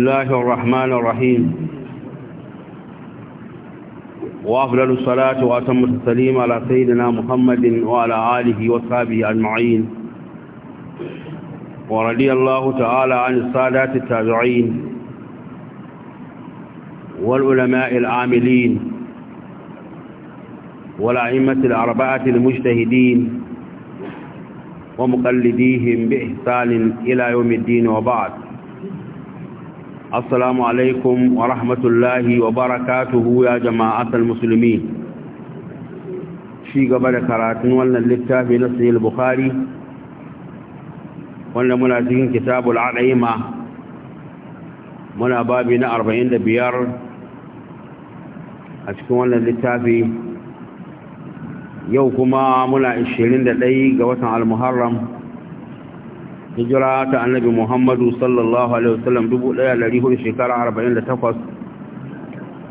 الله الرحمن الرحيم وأفضل الصلاة وأتم التسليم على سيدنا محمد وعلى آله وصحبه أجمعين ورضي الله تعالى عن السادات التابعين والعلماء العاملين والأئمة الأربعة المجتهدين ومقلديهم بإحسان إلى يوم الدين وبعد Asalamu alaikum wa rahmatullahi wa barakatuhu ya jama'atul muslimin shi gaba da karatun wannan littafi na sahih bukhari wannan muna cikin kitabul a'daima muna babi na 45 a cikin wannan littafi yau kuma muna 21 ga watan al-muharram hijira ta annabi muhammadu sallallahu alaihi wasallam 1400 shekara 48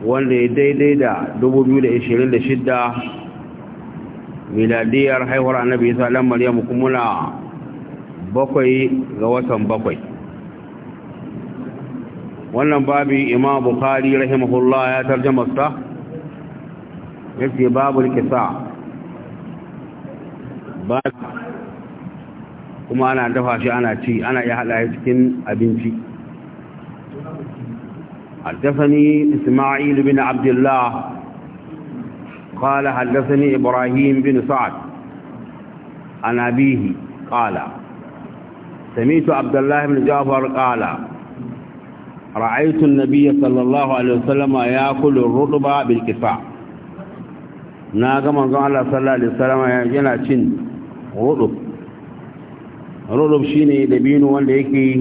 wanda ya daidai da 2026 miladiyar haihuwar annabi isa dan maryamu kuma bakwai ga watan bakwai wannan babi imam bukhari rahimahullah ya tarjama sa yace babul kisa ba kuma ana dafa shi ana ci ana iya haɗa cikin abinci حدثني إسماعيل بن عبد الله قال حدثني إبراهيم بن سعد عن أبيه قال سميت عبد الله بن جعفر قال رأيت النبي صلى الله عليه وسلم يأكل الرطبة بالكفاء ناقم الله صلى الله عليه وسلم يجنى رطب ne shine dabino wanda yake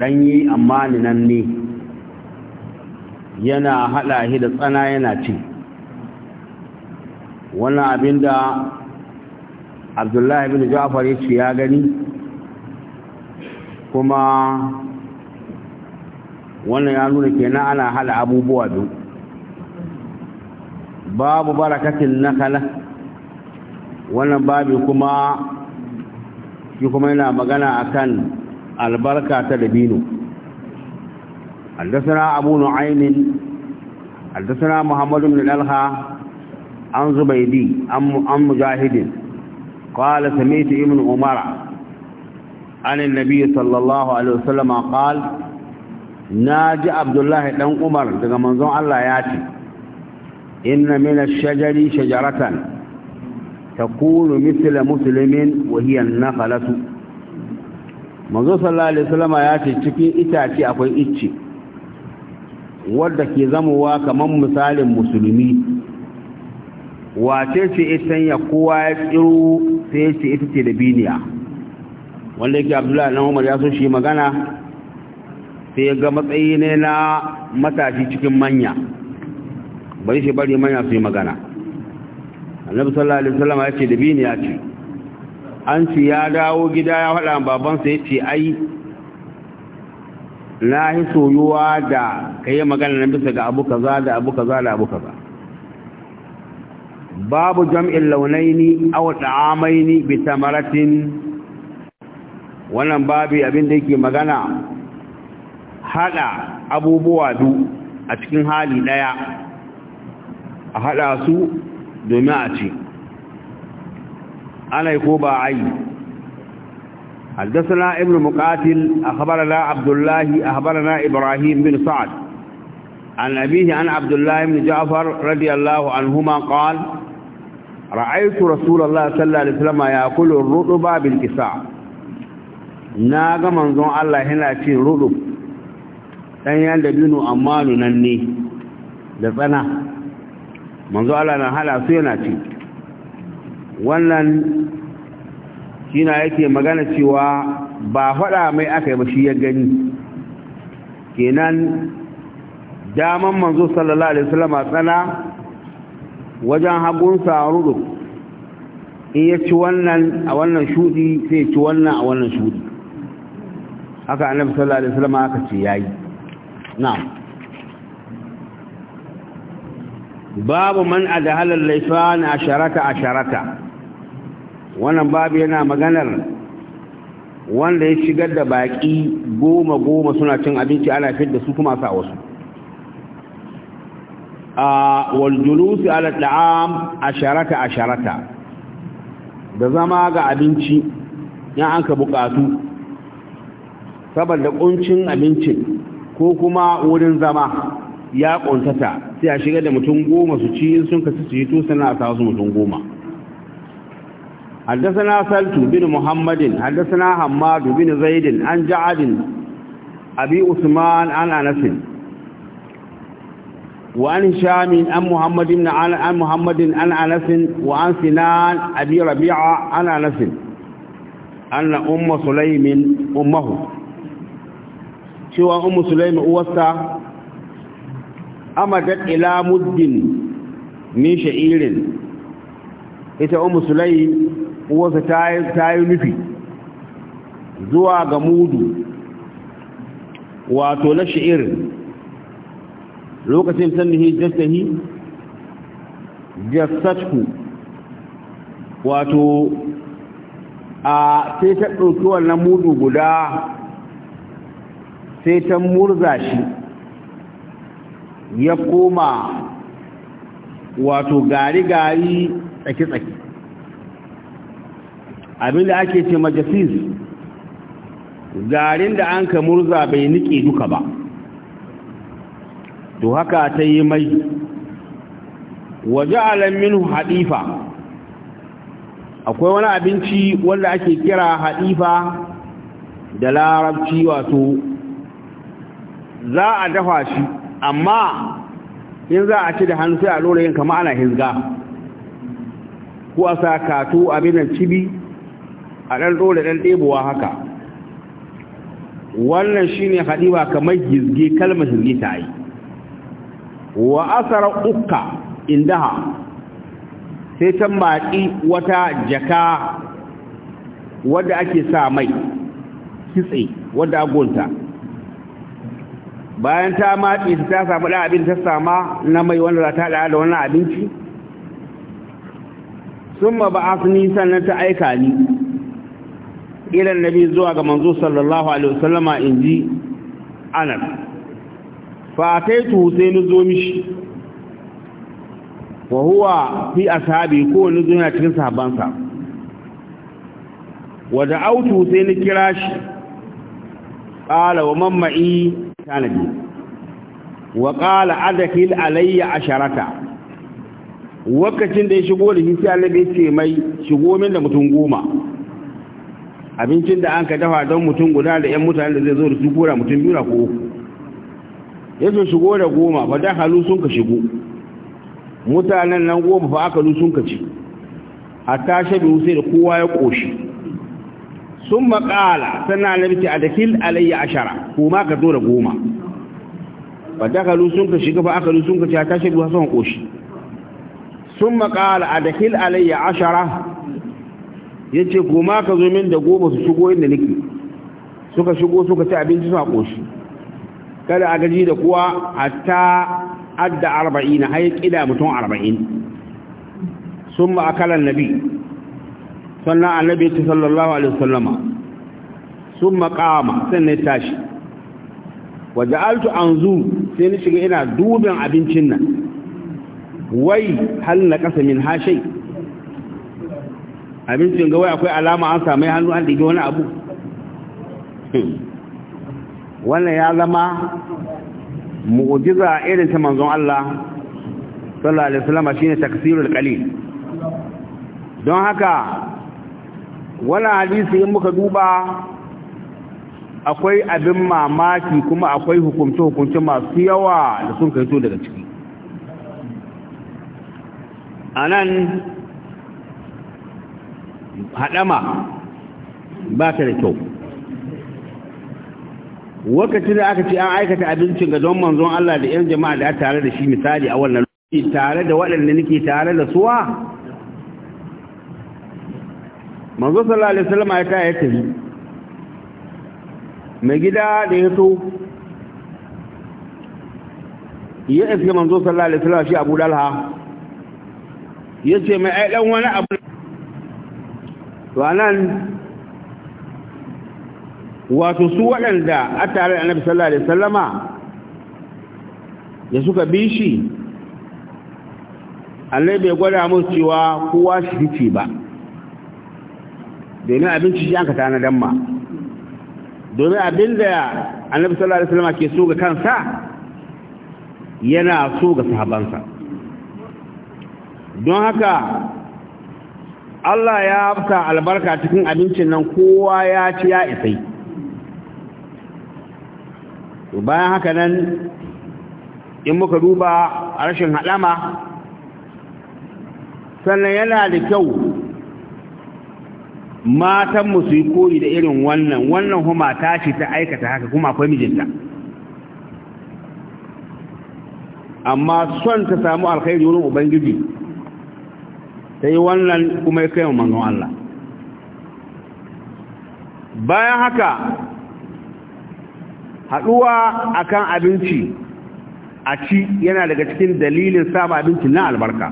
danyi amma ne yana hada shi da tsana yana ci wannan abinda abdullahi bin ja'far yace ya gani kuma wannan ya nuna kenan ana haɗa abubuwa biyu babu barakatin nakala wannan babu kuma shi kuma yana magana a kan albarka ta dabino haddasa abu nu'aimin haddasa na muhammadu nadalha an zubaidi an mujahidin kwallo samiti imin umara anin nabi sallallahu alaihi wasallama kwallo na ji abdullahi ɗan umar daga manzon allah ya ce inna mina shajari shajaratan takunu misla muslimin wa hiya an-nakhlatu manzo sallallahu alaihi wasallam ya ce cikin itace akwai icce wanda ke zamowa kaman misalin musulmi wace ce ita ya kowa ya tsiro sai ya ce ita ce da biniya wanda yake abdullahi na umar ya so shi magana sai ga matsayi ne na matashi cikin manya bari shi bari manya su yi magana annabi sallallahu alaihi wasallam ya ce da bini ya ce an ci ya dawo gida ya faɗa babansa ya ce ai na yi soyuwa da ka yi magana na bisa ga abu kaza da abu kaza da abu kaza babu jam'in launaini aw ta'amaini bi tamaratin wannan babu abin da yake magana haɗa abubuwa du a cikin hali ɗaya a haɗa su domin a يقوبا ana yi ko ba a yi حدثنا ابن مقاتل أخبرنا عبد الله أخبرنا إبراهيم بن سعد عن أبيه عن عبد الله بن جعفر رضي الله عنهما قال رأيت رسول الله صلى الله عليه وسلم يأكل الرطب بالكساء ناغ منظوم الله هنا تين رطب ɗan yan dabino amma nunanne da tsana manzo Allah na hala su yana ci wannan shi yake magana cewa ba faɗa mai aka yi ba shi ya gani kenan daman manzo sallallahu alaihi wasallam tsana wajen hagunsa rudu in ya ci wannan a wannan shudi sai ci wannan a wannan shudi haka annabi sallallahu alaihi wasallam aka ce yayi na'am babu man adhalar laifan asharata asharata wannan babu yana maganar wanda ya shigar da baƙi goma goma suna cin abinci ana da su kuma sa wasu a waljulusi ala da'am asharata asharata da zama ga abinci ya anka ka bukatu saboda kuncin abincin ko kuma wurin zama ya kuntata sai a shiga da mutum goma su ci in sun kasu su yi to sana a sa wasu mutum goma haddasana saltu bin muhammadin haddasana hamadu bin zaidin an ja'adin abi usman an anasin wa an shamin an muhammadin an anasin wa an sinan abi rabi'a an anasin an umma sulaimin ummahu cewa umma sulaimin uwarsa amadat ila muddin min sha'irin ita umu sulai uwarsa ta yi nufi zuwa ga mudu wato na sha'irin lokacin sannihi jastahi jastatku wato a sai ta ɗauki wannan mudu guda sai ta murza shi ya koma wato gari-gari tsaki-tsaki abinda ake ce majasis garin da an ka murza bai nike duka ba to haka ta yi mai waje alamin haɗifa akwai wani abinci wanda ake kira haɗifa da larabci wato za a dafa shi amma in za a ci da hannu sai a lura yin kama ana hizga ko a sa katu abinan cibi a ɗan ɗora ɗan ɗebowa haka wannan shine ne haɗiwa kamar gizge kalmar hizge ta yi wa asarar uka indaha sai can baƙi wata jaka wadda ake sa mai kitse wadda agunta bayan ta matse su ta samu ɗan abin ta sama na mai wanda za ta ɗaya da wannan abinci sun ma ba nisan sannan ta aika ni ilan nabi zuwa ga manzo sallallahu alaihi wasallama in ji anar fataitu sai ni zo mishi wa huwa fi ashabi ko ni zo yana cikin sahabbansa wa da autu sai ni kira shi qala wa mamma'i tanadi wa qala adkhil alayya asharata wakacin da ya shigo da hisi annabi ce mai shigo min da mutum goma abincin da an ka dafa don mutum guda da yan mutane da zai zo da su kora mutum biyu na ko uku yazo shigo da goma fa da halu sun ka shigo mutanen nan goma fa aka lu sun ka ci hatta shabi sai da kowa ya koshi sun maƙala sannan annabci a dakil alayya ashara kuma ka zo da goma ba dakalu sun ka shiga ba akalu sun ka ci a tashi ruwa sun ƙoshi sun maƙala a dakil alayya ashara ya ce kuma ka zo min da goma su shigo inda nake suka shigo suka ci abinci suna ƙoshi kada a gaji da kuwa a ta adda arba'in har ya ƙida mutum arba'in sun ma'akalan nabi sannan annabi ta sallallahu alaihi wasallama sun makama sannan ya tashi waje altu an zu sai ni shiga ina dubin abincin nan wai hal na kasa min hashai abincin ga wai akwai alama an samai hannu an dige wani abu wannan ya zama mu'jiza irin ta manzon Allah sallallahu alaihi wasallama shine taksirul qalil don haka wannan hadisi in muka duba akwai abin mamaki kuma akwai hukunce-hukunce masu yawa da sun to daga ciki a nan haɗama ba ta da kyau wakati da aka ce an aikata abincin ga don manzon Allah da 'yan jama'a da ya tare da shi misali a wannan tare da waɗanda nake tare da suwa manzo sallallahu alaihi wasallam ya ta ya tafi mai gida da ya to ya iske manzo sallallahu alaihi wasallam shi Abu Dalha yace mai ai dan wani abu to anan wato su waɗanda a tare da annabi sallallahu alaihi wasallama da suka bi shi Allah bai gwada musu cewa kowa shi ba domin abinci shi an ka tanadan ma domin abin da annabi sallallahu alaihi wasallam ke so ga kansa yana so ga sahabansa don haka Allah ya afka albarka cikin abincin nan kowa ya ci ya isai bayan haka nan in muka duba rashin haɗama sannan yana da kyau matan mu su yi koyi da irin wannan wannan kuma ta ce ta aikata haka kuma akwai mijinta amma son ta samu alkhairi wurin ubangiji ta yi wannan kuma ya kai manzon Allah bayan haka haɗuwa akan abinci a ci yana daga cikin dalilin saba abinci na albarka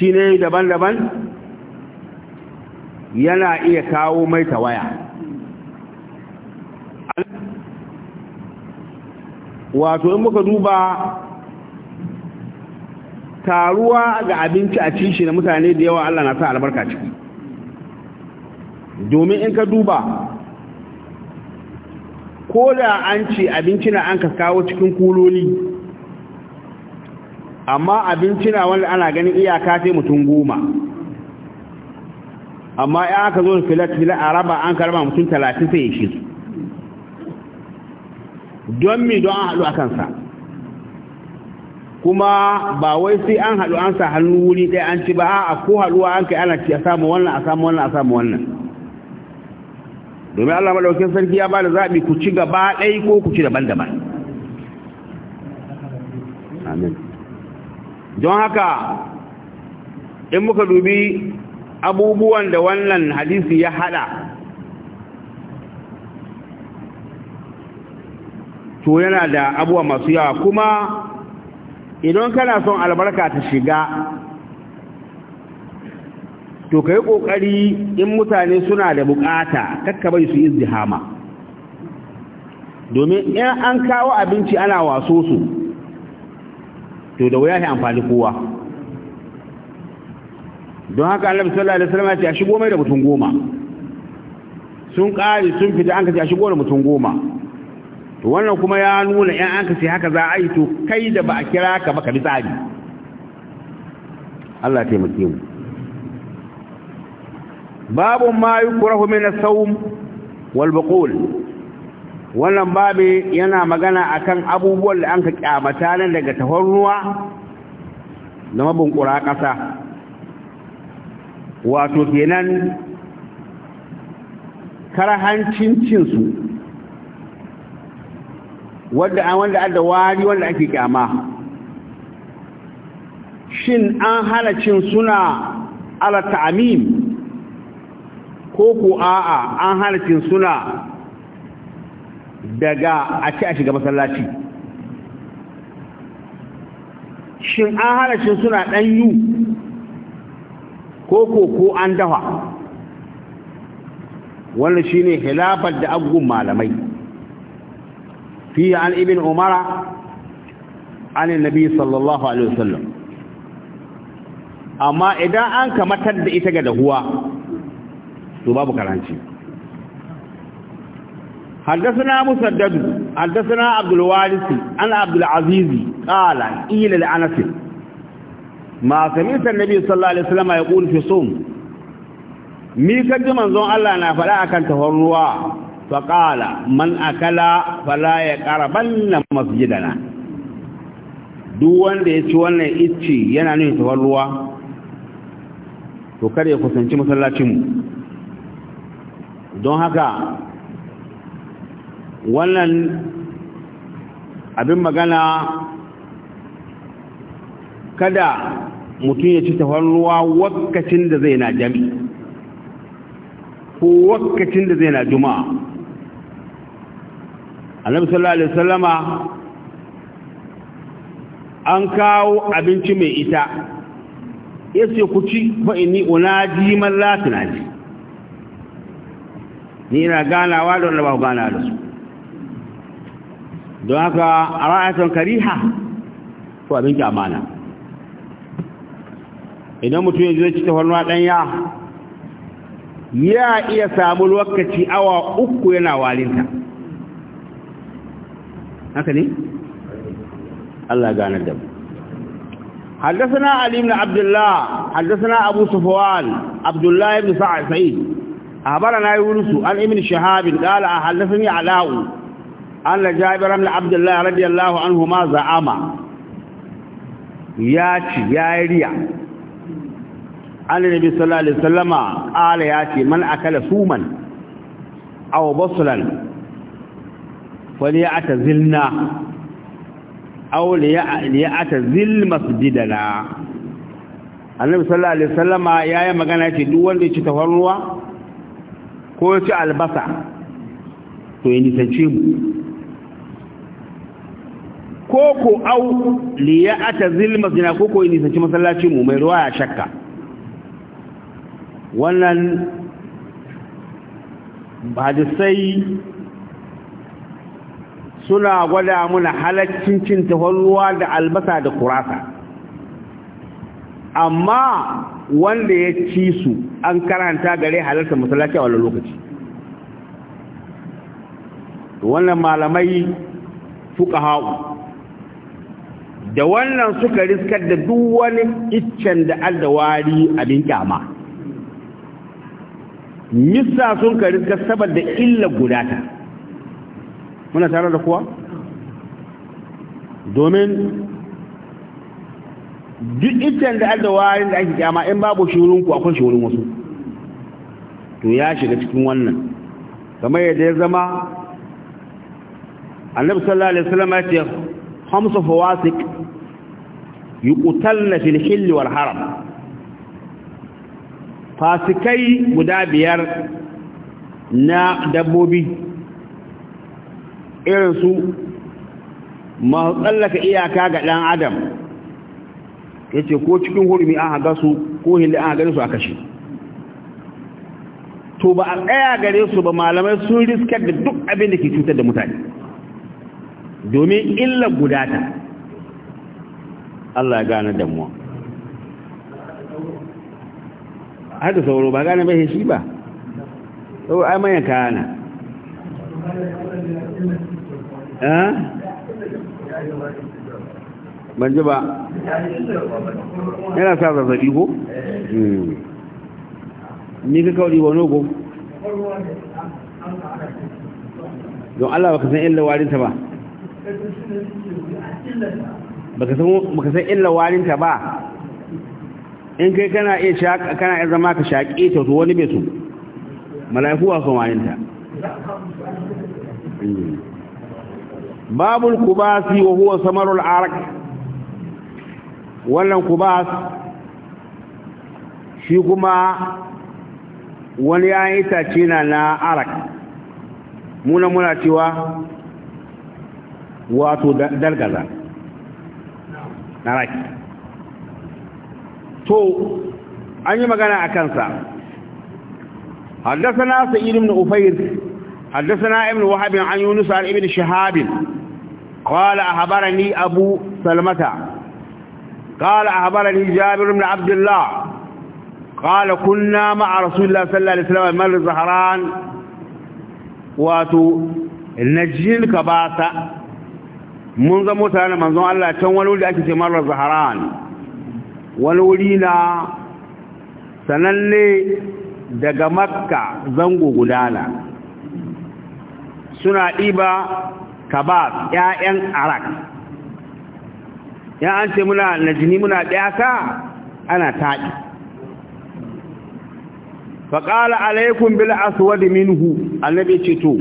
shi ne daban-daban yana iya kawo mai ta waya. wato in muka duba taruwa ga abinci a cishi na mutane da yawa Allah na sa albarka ciki domin in ka duba ko da an ce abinci na an ka kawo cikin kuloni, amma abinci na wanda ana ganin iyaka sai mutum goma amma ya aka zo filat filat a raba an karba mutum talatin sai ya shi su don mi don an haɗu a kansa kuma ba wai sai an haɗu an sa hannu wuri ɗaya an ci ba a ko haɗuwa an kai ana ci a samu wannan a samu wannan a samu wannan domin Allah madaukakin sarki ya ba da zaɓi ku ci gaba ɗai ko ku ci daban-daban amin don haka in muka dubi abubuwan da wannan hadisi ya hada to yana da abuwa masu yawa kuma idan kana son albarka ta shiga to kai kokari in mutane suna da bukata kakkabai su yi zihama, domin in an kawo abinci ana waso su to da wuya amfani kowa don haka annabi sallallahu alaihi wasallam ya ce a shigo mai da mutum goma sun kare sun fita an kace a shigo da mutum goma to wannan kuma ya nuna in an kace haka za a yi to kai da ba a kira ka ba ka bi tsari Allah ya taimake mu babu ma yukrahu min as-sawm wal buqul wannan babu yana magana akan abubuwan da an ka kyamata nan daga tafarnuwa da mabun ƙura ƙasa wato kenan karhancin cinsu wadda an wanda an da wari wanda ake kyama shin an hana cin suna ala ta'amim ko ku a'a an hana cin suna daga a ci a shiga masallaci shin an hana cin suna ɗanyu ko ko ko an dafa wannan shine khilafar da aggun malamai fi an ibn umara an nabi sallallahu alaihi wasallam amma idan an kamatar da ita ga dahuwa to babu karanci حدثنا مسدد حدثنا عبد الوارث عن عبد العزيز قال قيل لانس ma san nabi sallallahu alaihi wasallam yaqul fi sum mi kaji manzon Allah na faɗa akan tahorruwa fa qala man akala fala ya yaqrabanna masjidana duk wanda ya ci wannan icci yana nuna tahorruwa to kada ya kusanci masallacinmu don haka wannan abin magana kada mutum ya ci tafarnuwa wakacin da zai na jami ko wakacin da zai na juma'a annabi sallallahu alaihi wasallama an kawo abinci mai ita ya ce ku ci fa inni unaji man na ji. ni ina ganawa da wanda ba ku gana da su don haka a ra'ayatan kariha ko abinci amana idan mutum ya zai cikin hannuwa ɗanya ya iya samu lokaci awa uku yana walinta haka ne? Allah gane da mu haddasa Ali ibn Abdullah haddasa na Abu Sufwan Abdullah ibn Sa'ad Sa'id abara na yurusu an ibn Shahab qala haddasa ni Alau an la Jabir ibn Abdullah radiyallahu anhu ma za'ama yaci yayi riya annabi sallallahu alaihi wasallama qala yati man akala suman aw baslan falyatazilna aw liyatazil masjidana annabi sallallahu alaihi wasallama yayi magana yace duk wanda ya ci tafarnuwa ko ya ci albasa to ya sace mu ko ko au liyatazil masjidana ko ko ya sace masallacin mu mai ruwa ya shakka wannan hadisai suna gwada muna halaccin cin tafarnuwa da albasa da kurasa amma wanda ya ci su an karanta gare halarta masalaci a wani lokaci wannan malamai fuka hau da wannan suka riskar da duk wani iccen da an wari abin kyama nisa sun ka sabar saboda illa gudata muna tare da kuwa domin duk iccen da adda warin da ake kyama in babu shi ku akwai shirin wasu to ya shiga cikin wannan kamar yadda ya zama annabi sallallahu alaihi wasallam ya ce hamsu fawasik yuqtalna fil hilli wal haram fasikai guda biyar na dabbobi irinsu masu tsallaka iyaka ga ɗan adam ya ce ko cikin hurumi an haga su ko hindi an haga su a kashe to ba a tsaya gare su ba malamai sun riskar da duk abin da ke cutar da mutane domin illa gudata Allah ya gane damuwa har da sauro ba gane bai shi ba sauro ai manyan kana eh? ban ji ba yana sa zazzabi ko? Hmm. ni ka kawai wani ko? don Allah baka san illa warinta ba baka san illa warinta ba in kai kana iya shaka kana iya zama ka shaƙe ta to wani bai so mala'iku ba su wayin ta babul kubasi wa huwa samarul arak wannan kubas shi kuma wani ya yi tace na na arak muna muna cewa wato dalgaza arak to an yi magana a kansa حدثنا سعيد بن أفير حدثنا ابن وهب عن يونس عن ابن قال أخبرني أبو سلمة قال أخبرني قال كنا مع رسول الله صلى الله عليه وسلم مر الزهران واتو النجيل كباسة منذ موتانا منذ الله تنولوا لأكي مر الزهران wani wuri na sananne daga makka zango gudana suna ɗiba kabas ‘ya'yan arak ya an ce muna najini muna ɗyaka ana taɗi faƙala alaikun bil aswadi minhu annabi ce to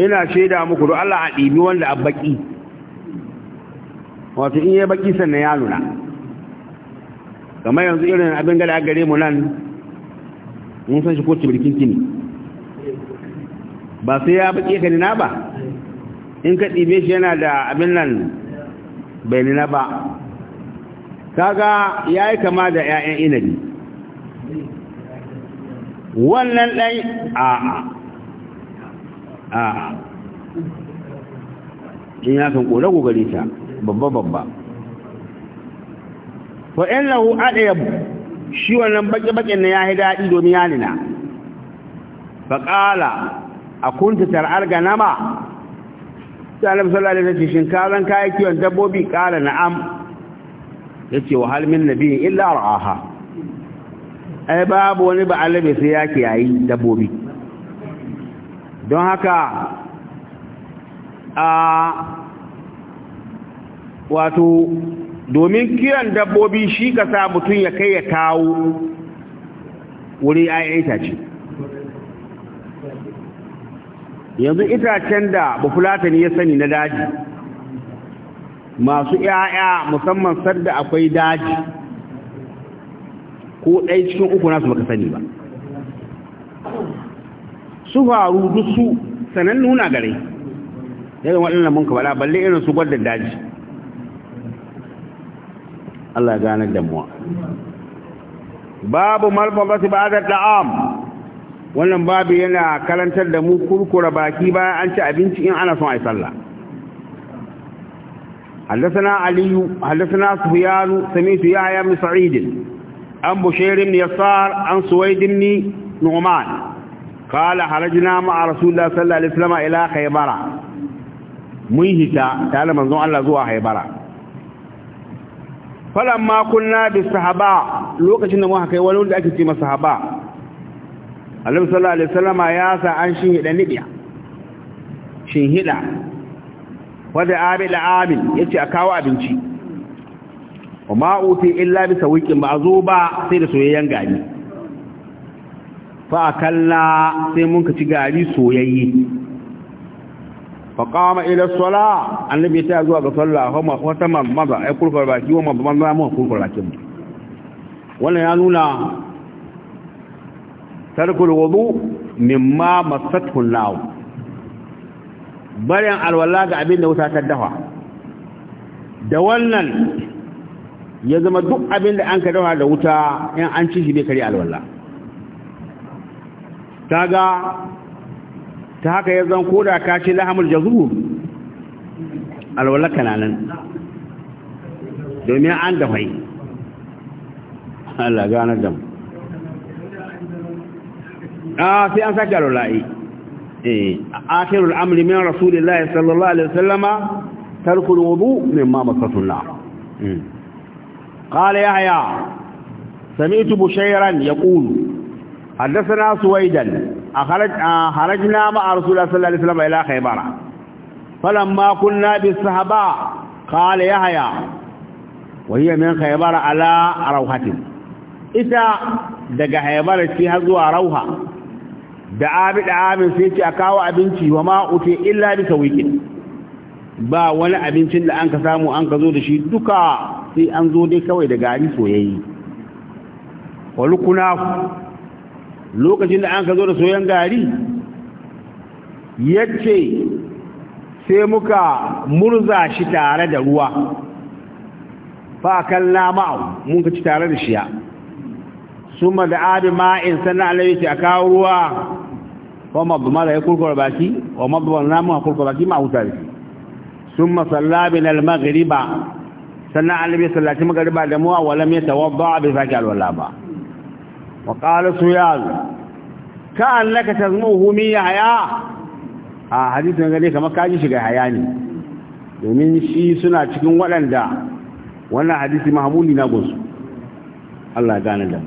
ina shaida muku da Allah a ɗibi wanda a baƙi wato in ya baƙi sannan ya nuna kamar yanzu irin abin gada gare mu nan mun san shi ko cibirkin kini ba sai ya baƙe ka nina ba in ka ɗibe shi yana da abin nan bai nina ba kaga ya yi kama da 'ya'yan inabi wannan ɗai a a in ya kan ƙorago gare ta babba babba wa in lahu adayab shi wannan baki bakin ne yi daɗi domin ya nina a qala akunta tar'al ganama sai annabi sallallahu alaihi wasallam shin kazan kiwon dabbobi qala na'am yace wa hal min nabiyin illa ra'aha ai babu wani ba alabe sai yake yayi dabbobi don haka a wato domin kiran dabbobi shi ka sa mutum ya kai ya kawo wuri ayan itace yanzu itacen da ne ya sani na daji masu ‘ya'ya musamman sadda akwai daji ko ɗai cikin uku nasu baka sani ba su faru dusu sanannu na nuna gare yayin waɗannan mun kabala balle irin su gwadda daji الله يجعلنا da باب babu بس بعد الطعام wannan babu yana karantar da mu kurkura baki bayan an ci abinci in ana son ai sallah حدثنا علي حدثنا سفيان سميت يحيى بن سعيد عن بشير بن يسار أم سويد من نعمان قال حرجنا مع رسول الله صلى الله عليه وسلم الى خيبر ميهتا تعلم منزون الله زوا خيبر falamma kunna bi sahaba lokacin da muka kai wani wanda ake ce masa sahaba Alim sallallahu alaihi wasallama ya sa an shin hida nibiya shin hida wanda abil abil yace a kawo abinci kuma uti illa bi sawiqin ma'zuba sai da soyayyen gari fa akalla sai mun ka ci gari soyayye فقام الى an النبي ta zuwa ga sallah kuma wata maza ai kurfar baki wa maza maza mu kurfar bakin wannan ya nuna tarkul wudu mimma masathu an-naw bayan alwala ga abin da wuta ta dafa da wannan ya zama duk abin da an ka dafa da wuta yan an ci shi bai kare alwala Ta ga. ta haka ya zan koda ka ce lahamul jazur alwallaka na nan domin an da fai Allah ganar da a sai an sake eh. Eh, amri min rasulillahi sallallahu alaihi wasallama tarkul wudu mimma masatullah قال يحيى سمعت بشيرا يقول حدثنا سويدا harajna ma'a rasulullah sallallahu alaihi wasallam ila khaybar falamma kunna bis sahaba qala yahya wa hiya min khaybar ala rawhatin ita daga khaybar ci har zuwa rauha da abi da amin sai ce a kawo abinci wa ma illa bi sawiqin ba wani abincin da an ka samu an ka zo da shi duka sai an zo dai kawai da gari soyayyi. wa lokacin da an ka zo da soyan gari yace sai muka murza shi tare da ruwa fa kalla ma'u mun ka ci tare da shiya suma da abi ma'in sanna alayhi ta kawo ruwa wa mabma da kurkur baki wa mabba na mu kurkur baki ma'u tare suma salla bin al-maghriba sanna alayhi sallati maghriba da mu wa lam yatawadda bi faqi wala ba wa qala suyal ka annaka tazmuhu min yahya a hadisin gane kamar kaji shiga haya ne domin shi suna cikin waɗanda wannan hadisi mahmuli na gunsu Allah gane da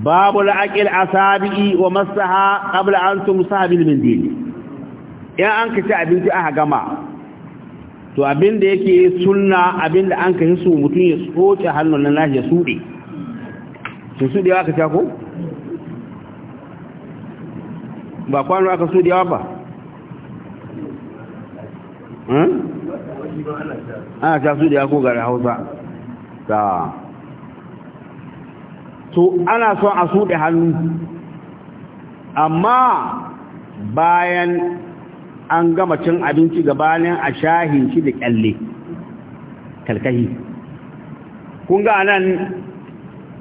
babu la'aqil asabi wa masaha kabla an tumsaha bil mindil in an kace abinci aka gama to abin da yake sunna abin da an kace su mutun ya soke hannun nan ya sude su su da yawa aka sha ko ba kwano aka su da yawa ba hmm? ana sha su da yawa ko gari hausa ta to ana son a su da hannu amma bayan an gama cin abinci gabanin a shahin shi da kyalle kalkahi kun ga nan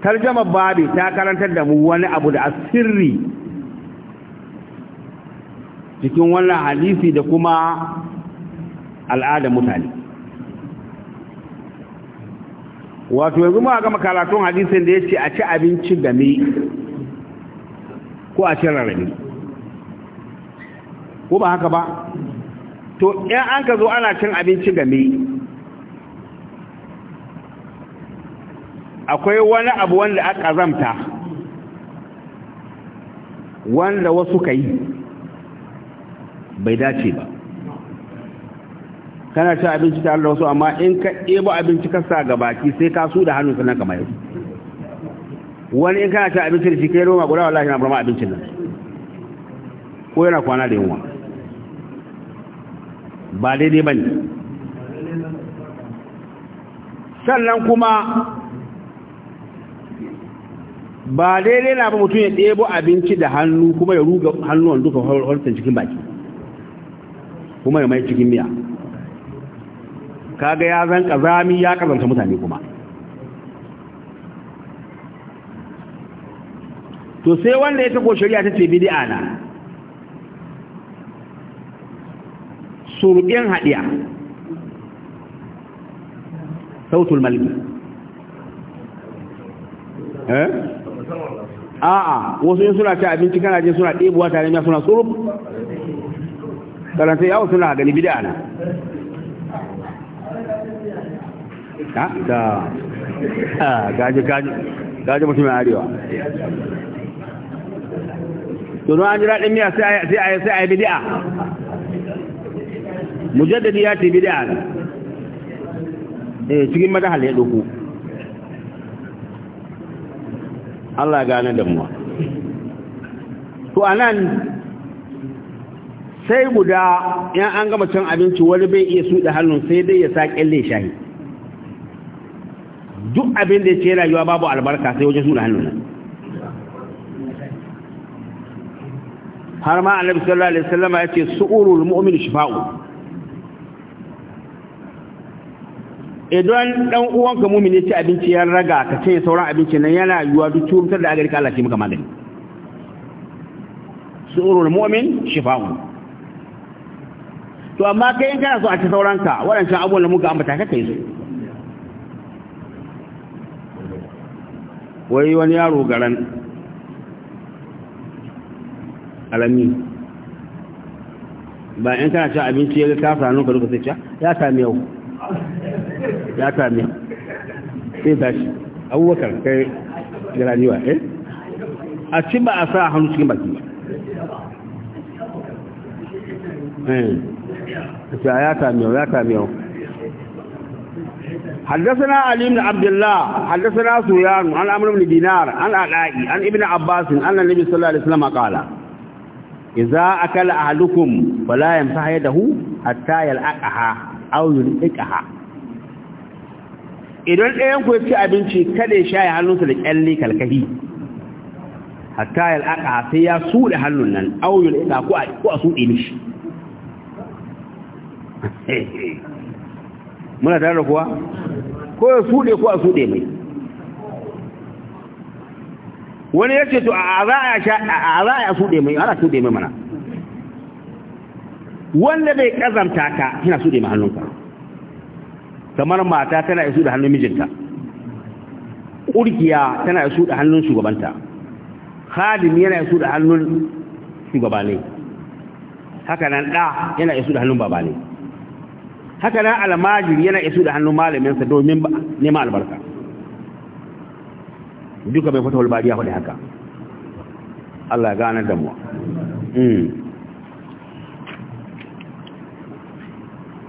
tarjamar babi ta karantar da mu wani abu da asirri cikin wannan hadisi da kuma al'adar mutane wato yanzu ma gama karatun hadisin da ya ce a ci abinci game ko a ci rarrabe ko ba haka ba to ɗan an ka zo ana cin abinci game akwai wani abu wanda aka zamta wanda wasu ka yi bai dace ba kana ci abinci tare da wasu amma in ka ɗebo abinci kasa ga baki sai ka su da hannun sannan kamar yau wani in kana ci abinci da shi kai roma guda wallahi na burma abincin nan ko yana kwana da yunwa ba daidai ba ne sannan kuma ba daidai na ba mutum ya ɗebo abinci da hannu kuma ya ruga hannuwan duka harsun cikin baki kuma ya mai cikin miya kaga ya zan ƙazami ya ƙazanta mutane kuma to sai wanda ya tako shari'a ta ce bidi ana surɓin haɗiya sautul malibu eh? a'a wasu yin suna ci abinci kana jin suna ɗebuwa tare miya suna tsuruf karanta yawon suna gani bida na gaji gaji gaji mutumin arewa tuno an jira ɗin miya sai a yi bida mujaddadi ya ce bida ana eh, cikin madahal ya ɗoku Allah gane da mu to anan sai guda yan an gama cin abinci wani bai iya suɗa hannun sai dai ya sa kelle shahi duk abin da ya rayuwa babu albarka sai wajen su hannun nan har ma annabi sallallahu alaihi wasallam ya ce su'urul mu'min shifa'u idan dan uwanka mumin ya ci abinci ya raga ka ce sauran abinci nan yana yuwa duk cutar da agarika Allah ke maka magani surul mu'min shifa'un to amma kai in kana so a ci sauranka waɗancan abun da muka ambata ka kai su wai wani yaro garan alami ba in kana ci abinci ya ga kasa ka duka sai ya sami yau ya sami sai tashi abubakar kai jiraniwa eh a ci ba a sa hannu cikin baki eh حدثنا علي بن عبد الله حدثنا سويان عن عمرو بن دينار عن علائي عن ابن عباس ان النبي صلى الله عليه وسلم قال إذا أكل أحدكم فلا يمسح يده حتى يلأقها أو يلئقها idan ɗayan ku ya ci abinci kada ya shaye hannunsa da kyalle kalkahi hatta ya al'aqa sai ya suɗe hannun nan aw ya al'aqa ko a ko a suɗe mishi muna tare da kuwa ko ya suɗe ko a suɗe mai wani ya ce to a za a suɗe mai ana suɗe mai mana wanda bai ƙazamta ka yana suɗe mai hannunka kamar mata tana isu da hannun mijinta ƙurkiya tana isu da hannun shugabanta khadim yana isu da hannun shugabane haka nan ɗa yana isu da hannun babane haka nan almajiri yana isu da hannun malaminsa domin neman albarka duka bai fata walbariya hudu haka Allah ya gane damuwa. Hmm.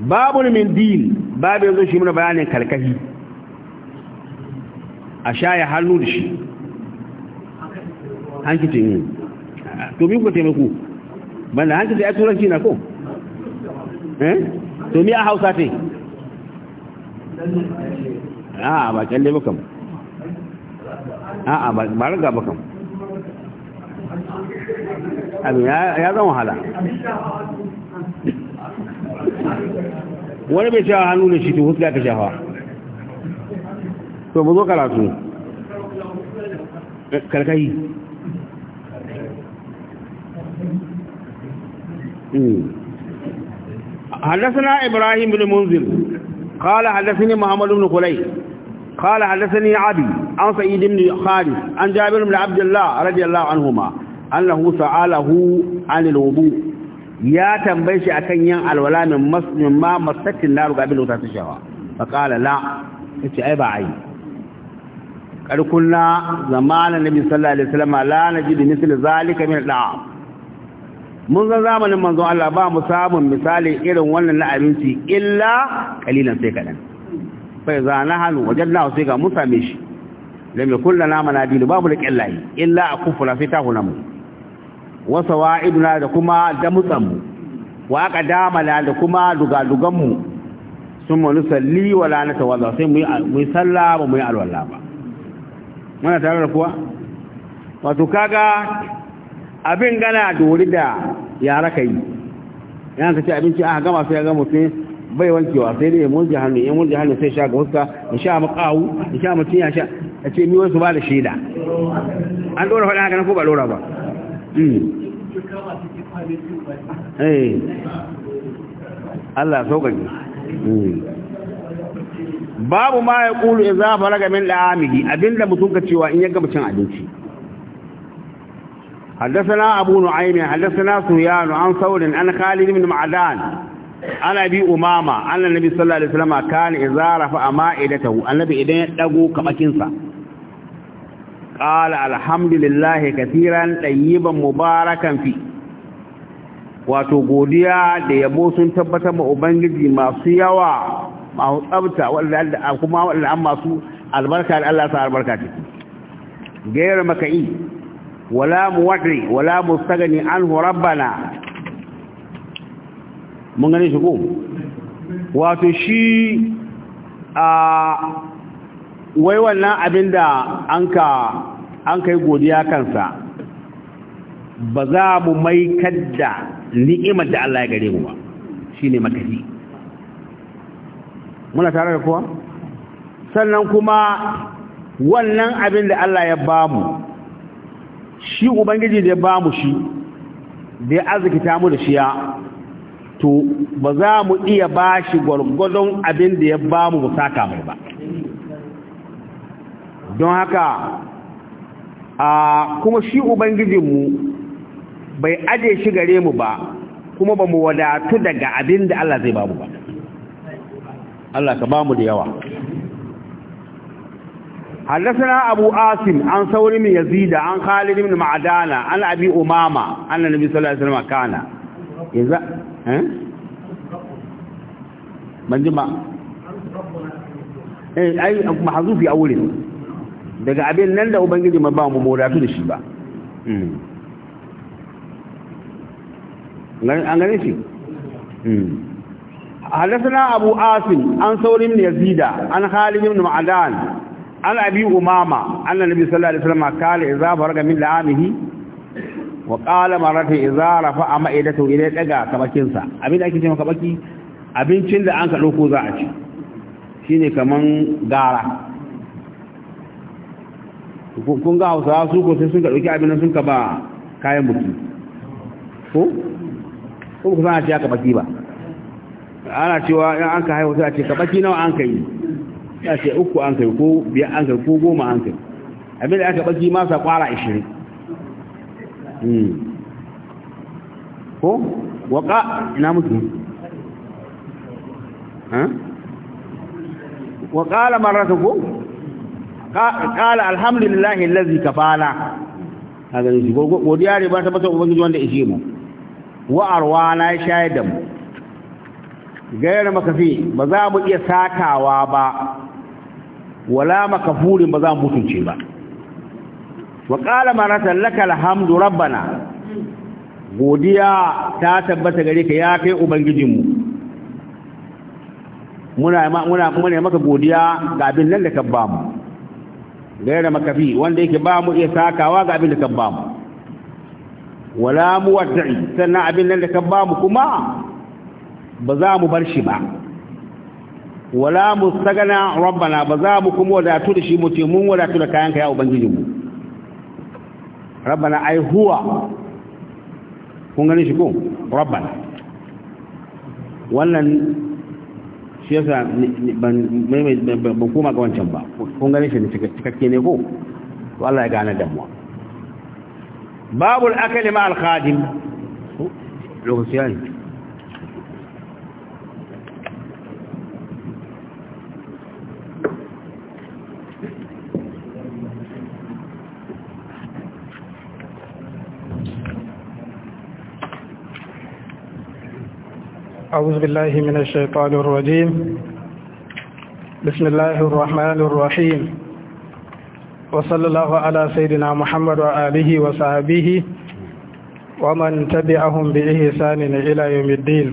babul min din babu yanzu shi muna bayanin kalkahi a shaya hannu da shi hankicin yi to mi ku taimako banda hankicin ya turanci na ko eh to mi a hausa te a ba kyalle ba kam a a ba raga ba kam abin ya zama wahala wani bai shawa hannu ne shi to huska ka shawa to mu zo karatu karkahi حدثنا إبراهيم بن منذر قال حدثني محمد بن قلي قال حدثني عبي عن سيد بن خالد عن جابر بن عبد الله رضي الله عنهما أنه سأله عن الوضوء ya tambaye shi akan yin alwala min masmin ma masatin naru ga abin da ta shawa fa kala la ce ai ba ai kar na zamanin nabi sallallahu alaihi wasallam la najidu misl zalika min da mun ga zamanin manzo Allah ba mu samun misali irin wannan na abinci illa kalilan sai kadan fa za nahanu wajadna sai ga mun same shi lam yakul lana mu babu laqillahi illa akufuna fitahu hunamu wasa wa'iduna da kuma damutsanmu wa aka damala da kuma dugaduganmu sun mu salli wa lanata wadda sai mu yi salla ba mu yi alwallah ba muna tare da kuwa wato kaga abin gana dori da yara ka yi yana ta ce abinci aka gama sai ya gama sai bai wankewa sai dai mun ji hannu mun ji hannu sai sha ga huska in sha mu kawu, in sha mu cinya sha ya ce mi wasu ba da shaida an dora faɗa haka na ko ba dora ba Hmm. Eh. Allah hmm. Babu ma ya ƙulu ra'ga za fara gamin abinda mutum ka cewa in yaga mucin abinci. na abu nu’aimi, haddasana suyanu, an saurin, an khalin min ma’adan, an abi umama, an annabi sallallahu Alaihi zarafa, kan izarafa a ma’idatahu, annabi idan ya ɗago kamakinsa. الحمد لله كثيرا طيبا مباركا في wato godiya da yabo sun tabbatar ma ubangiji masu yawa masu tsabta wanda kuma wanda an masu albarka da Allah sa albarka ce gairar maka'i wala muwadri wala mustagani hu rabbana mun gane shi ko wato shi a wai wannan abin da an ka yi godiya kansa ba za mu mai kadda ni'imar da Allah ya gare mu ba shi ne makafi muna tare da kuwa sannan kuma wannan abin da Allah ya ba mu shi ubangiji da ya ba mu shi da ya arzikita mu da shiya to ba za mu iya ba shi gwargwadon abin da ya ba mu saka mai ba don haka a kuma shi ubangijinmu bai aje shi gare mu ba kuma ba mu wadatu daga abin da Allah zai babu ba Allah ka bamu da yawa حدثنا أبو آسم عن ثور بن يزيد عن خالد بن معدان عن أبي أمامة أن النبي صلى الله عليه وسلم كان إذا من جمع أي أوله daga abin nan da ubangiji ma ba mu moratu da shi ba hmm. an gane shi hmm. abu asin an saurin ne zida an halin yin ma'adan an abi umama an nabi sallallahu alaihi wasallam kale idza faraga min la'amihi wa qala marati idza rafa ama idatu ila daga kabakin abin da ake cewa kabaki abincin da anka dauko za a ci shine kaman gara kun ga hausawa su ko sai sun ka ɗauki abin sun ka ba kayan buki ko ko kuma sana ce aka baki ba ana cewa in an ka haihu sai a ce ka baki nawa an kai ya ce uku an kai ko biyar an kai ko goma an kai abin da aka baki ma sa kwara ishirin hmm. ko waka ina mutu ha wa qala ko? kala alhamdulillah allazi kafana kaga shi godiya ne ba ta bata ubangiji wanda ishe mu wa arwana shayar da mu gairar makafi ba za mu iya sakawa ba wala makafurin ba za mu mutunce ba wa qala maratan lakal hamdu rabbana godiya ta tabbata gare ka ya kai mu. muna muna muna maka godiya ga abin nan da ka ba mu gaira makafi wanda yake ba mu iya sakawa ga abin da ka ba mu wala mu wadda'i sannan abin nan da ka ba mu kuma ba za mu bar shi ba wala mu sagana rabbana ba za mu kuma wadatu da shi mu ce mun wadatu da kayan ka ya ubangijinmu rabbana ai huwa kun gani shi ko rabbana wannan shi yasa ban koma ga wancan ba kun gane shi ne cikakke ne ko to ya gane damuwa babul akali ma al-khadim ne أعوذ بالله من الشيطان الرجيم بسم الله الرحمن الرحيم وصلى الله على سيدنا محمد وآله وصحبه ومن تبعهم بإحسان إلى يوم الدين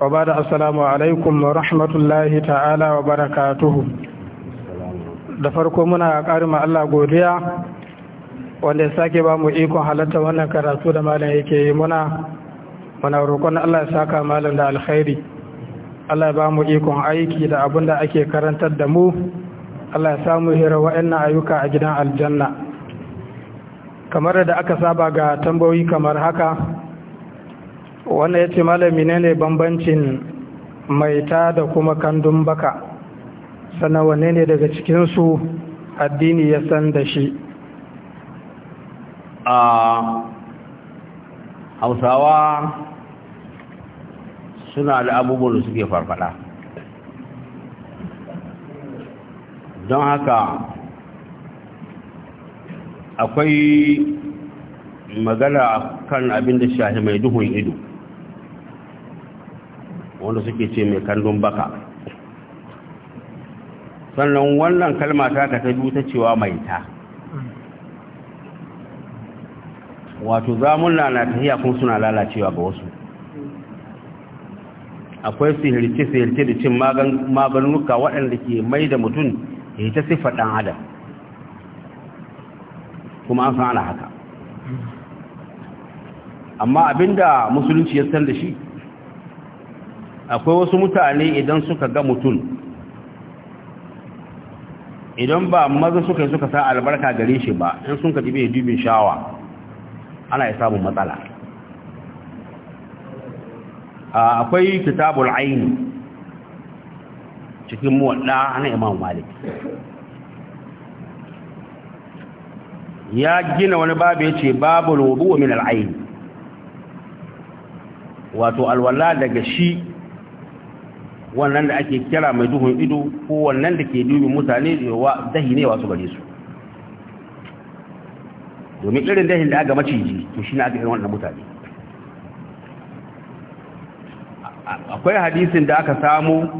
وبعد السلام عليكم ورحمة الله تعالى وبركاته da farko muna ƙarima Allah godiya wanda ya sake ba mu ikon halatta wannan karatu da malam yake yi muna muna roƙon Allah ya saka malam da alkhairi Allah ya ba mu ikon aiki da abin da ake karantar da mu Allah ya samu hira wa'annan ayyuka a gidan aljanna kamar da aka saba ga tambayoyi kamar haka wannan ya ce malami ne ne bambancin maita da kuma kandun baka sannan wanne ne daga cikinsu addini ya san da shi a hausawa suna da abubuwan da suke farfada don haka akwai magana kan abin da shahi mai duhun ido wanda suke ce mai kandun baka sannan wannan kalma ta ka ta cewa mai ta wato zamun na tafiya kun suna lalacewa ga wasu akwai sihirce-sihirce da cin maganuka waɗanda ke mai da mutum ya ta siffar ɗan adam kuma an san ana haka amma abinda musulunci ya san da shi akwai wasu mutane idan suka ga mutum idan ba maza suka yi suka sa albarka gare shi ba in sun ka jibe dubin shawa ana yi samun matsala akwai kitabul ain cikin muwadda na imam malik ya gina wani babu ya ce babu rubu min al'ayin wato alwala daga shi wannan da ake kira mai duhun ido ko wannan da ke dubin mutane dahi ne wasu gare su domin irin dahin da aka maciji to shi na aka irin wannan mutane akwai hadisin da aka samu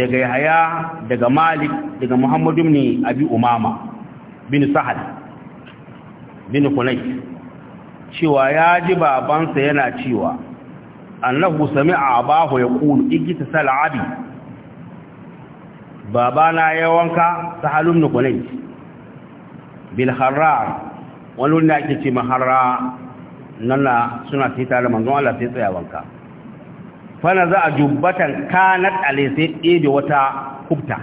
daga yahaya daga malik daga muhammadu ne abi umama bin sahal, bin kunai cewa ya ji babansa yana cewa annahu sami'a abahu ya ƙulu igita sal'abi babana ya wanka sahalun kunai. bil harra wani wanda ake ce maharra nan suna fi tare manzon Allah sai tsaya wanka fana za a jubbatan kanat alai sai ɗebe wata kubta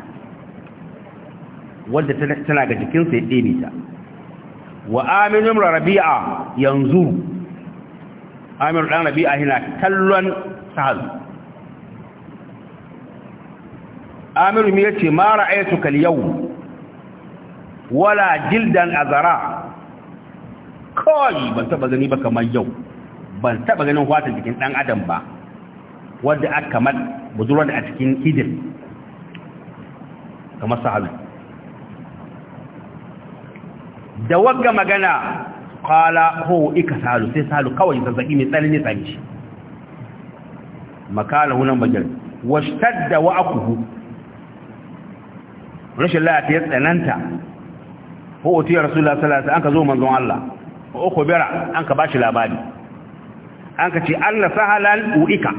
wadda tana ga jikinsa ya ɗebe ta wa aminu rabi'a yanzu aminu dan rabi'a yana kallon sahal aminu ya ce mara aituka yau wala jildan azara kawai ban taba gani ba kamar yau ban taba ganin watan jikin dan adam ba wadda aka kamar budurwar da a cikin hijir kamar sahabi da wagga magana kala ko ika salu sai salu kawai zazzabi mai tsanani tsanci makala hunan bajar da wa akuhu rashin lafiya tsananta ko otiyar ya rasu alaihi sai an ka zo manzon Allah wa bira an ka ba shi labari an ka ce Allah sahalan uika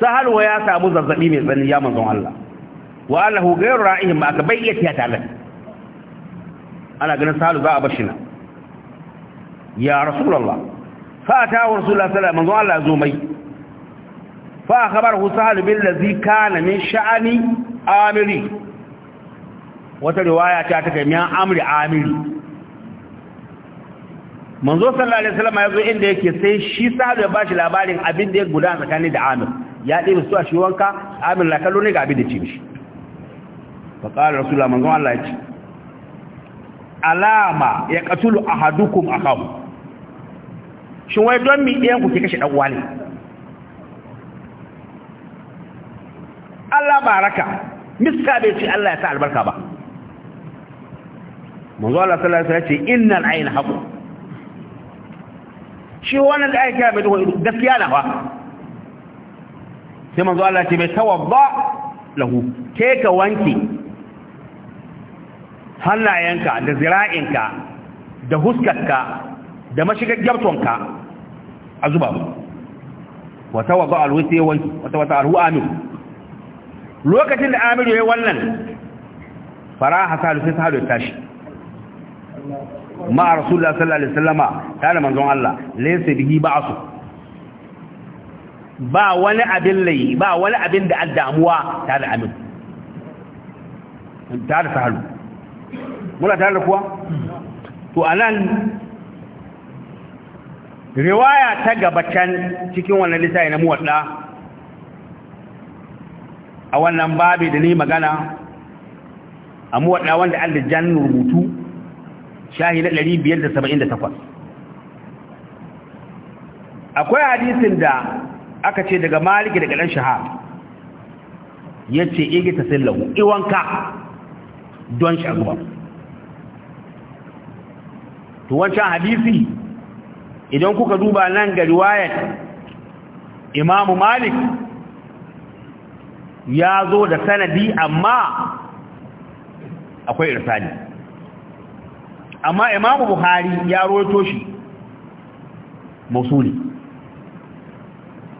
sahalwa ya samu zazzabi mai tsanin ya manzon Allah wa annahu ghayru ra'ihim ba aka bayyata ya talan ana ganin sahalu za a bashi na ya rasulullah fa atahu rasulullah sallallahu alaihi wasallam manzon Allah zo mai fa khabaru sahal bil ladhi kana min sha'ani amiri wata riwaya ta take miyan amri amiri manzo sallallahu alaihi wasallam ya inda yake sai shi sahabi ya bashi labarin abin da ya guda tsakani da Amir ya ɗebe su a shi wanka Amir la kallo ne ga abin da ci mishi fa qala rasulullah manzo Allah ya ce alama ya qatulu ahadukum akahu shin wai don mi ɗayan ku ke kashe dan wani Allah baraka miska bai ce Allah ya sa albarka ba manzo Allah sallallahu alaihi wasallam ya ce innal ayn haqq shi wannan da ake kira mai gaskiya na fa sai manzo Allah ce mai tawabba lahu ke ka wanke hannayenka da zira'inka da huskarka da mashigar gyabtonka a zuba mu wata wa ba'al wata ya wanki wata wata arhu amin lokacin da amir ya yi wannan fara hasalu sai ta hadu tashi Ma'a rasulullah sallallahu alaihi wasallama tare manzon Allah laysa bihi ba'su ba wani abin layi ba wani abin da addamuwa tare amin tare sahalu muna tare da kuwa to anan riwaya ta gabatan cikin wannan lissafi na muwadda a wannan babi da ni magana a muwadda wanda aljanna rubutu shahi na 578 akwai hadisin da aka ce daga maliki daga dan shahab yace igi tasallahu iwanka don shi aguba to hadisi idan kuka duba nan ga riwayat imamu malik ya zo da sanadi amma akwai irsali amma imamu buhari ya roto shi mausuli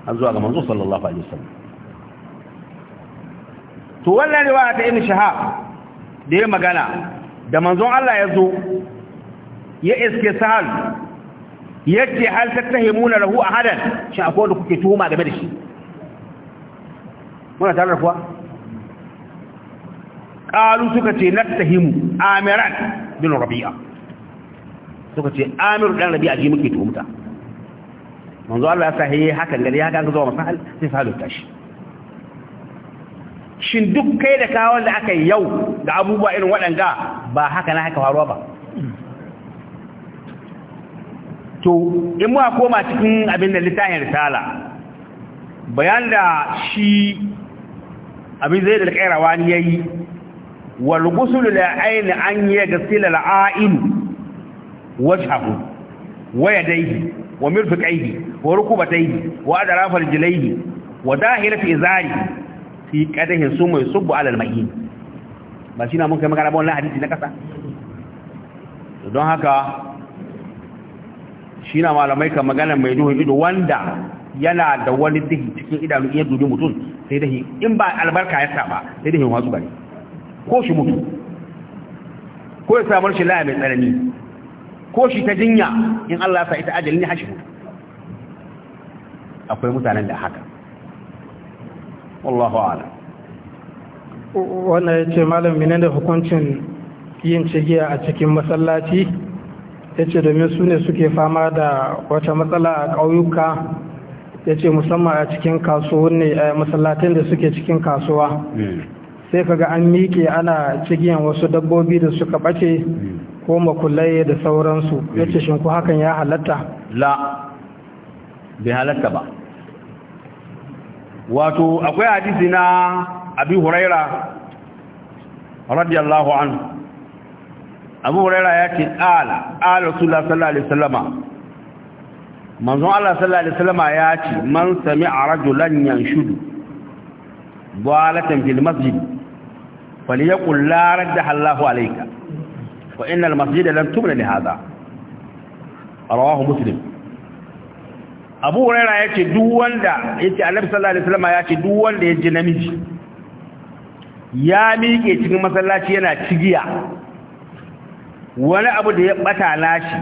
an zuwa ga manzo sallallahu alaihi wasallam to wannan riwaya ta ibn shahab da ya magana da manzon Allah ya zo ya iske sahal yace hal tattahimuna lahu ahadan shi akwai da kuke tuhuma game da shi muna tare da kuwa qalu suka ce nattahimu amiran bin rabi'a suka ce amiru dan a ji muke tumuta manzo Allah ya sahi hakan gari haka ga zuwa masa sai sahalu tashi shin duk kai da kawon da aka yau da abubuwa irin waɗanga ba haka na haka faruwa ba to in ma koma cikin abin da littafin risala bayan da shi abin zai da kairawa ne yayi wal ghusl la ayn an yaghsil al a'in وجهه ويديه daihi wa mirfiqaihi wa rukubataihi wa في rijlaihi wa dahirati izari fi qadahi summa ما ala al-mayyin shi na mun magana ba na kasa don haka shi na malamai kan magana mai duhun ido wanda yana da wani duhi cikin idanu iya dubi mutum sai dahi in ba albarka ya saba sai dahi wasu ko ko ya shi laya mai tsanani ko shi ta jinya in Allah sa ita ajalin hashi akwai mutanen da haka wallahu ala wannan ya ce malam menene hukuncin yin cigiya a cikin masallaci ya ce domin su ne suke fama da wata matsala a ƙauyuka ya ce musamman a cikin kasuwanni a eh, masallatin da suke cikin kasuwa hmm. sai kaga an miƙe ana cigiyan wasu dabbobi da suka ɓace hmm. ko makullaye da sauransu ya ce shinku hakan ya halatta? la bai halatta ba wato akwai hadisi na abi huraira radiyallahu anhu abu huraira ya ce ala ala su sallallahu alaihi manzon Allah sallallahu alaihi wasallama ya ce man sami'a rajulan yanshudu balatan fil masjid falyaqul la radda Allahu alayka فإن المسجد لم تبنى لهذا رواه مسلم Abu Hurairah yace duk wanda yace Annabi sallallahu yace duk wanda ya ji namiji ya miƙe cikin masallaci yana cigiya wani abu da ya bata lashi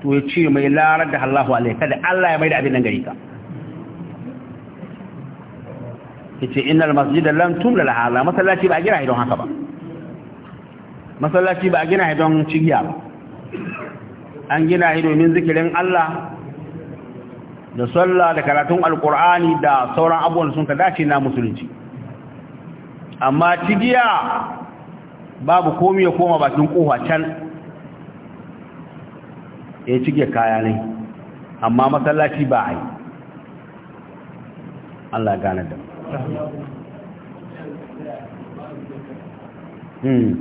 to ya ce mai larar da Allahu alaihi kada Allah ya maida abin nan gare ka yace innal masjida lam tumla lahala masallaci ba a gina don haka ba masallaci ba a gina shi don cigiya ba an gina shi domin zikirin Allah da sallah da karatun alkur'ani da sauran abubuwan sun ka dace na musulunci amma cigiya babu komi ya koma bakin kofa can ya cige kaya ne amma masallaci ba a yi Allah gane da Hmm.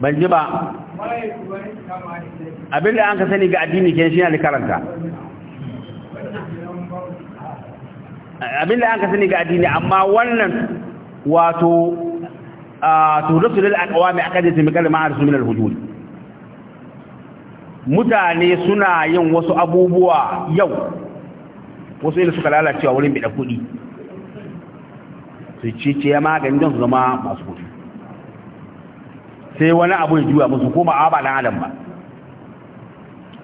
ban ji ba abinda an ka sani ga addini ke shi ne karanta abinda an ka sani ga addini amma wannan wato turusu lil aqwami akadati min kalma arsu min al hujud mutane suna yin wasu abubuwa yau wasu ne suka lalacewa wurin bida kudi su ci ce ya maganin don su zama masu kudi sai wani abu ya juya musu ko ba a ba dan adam ba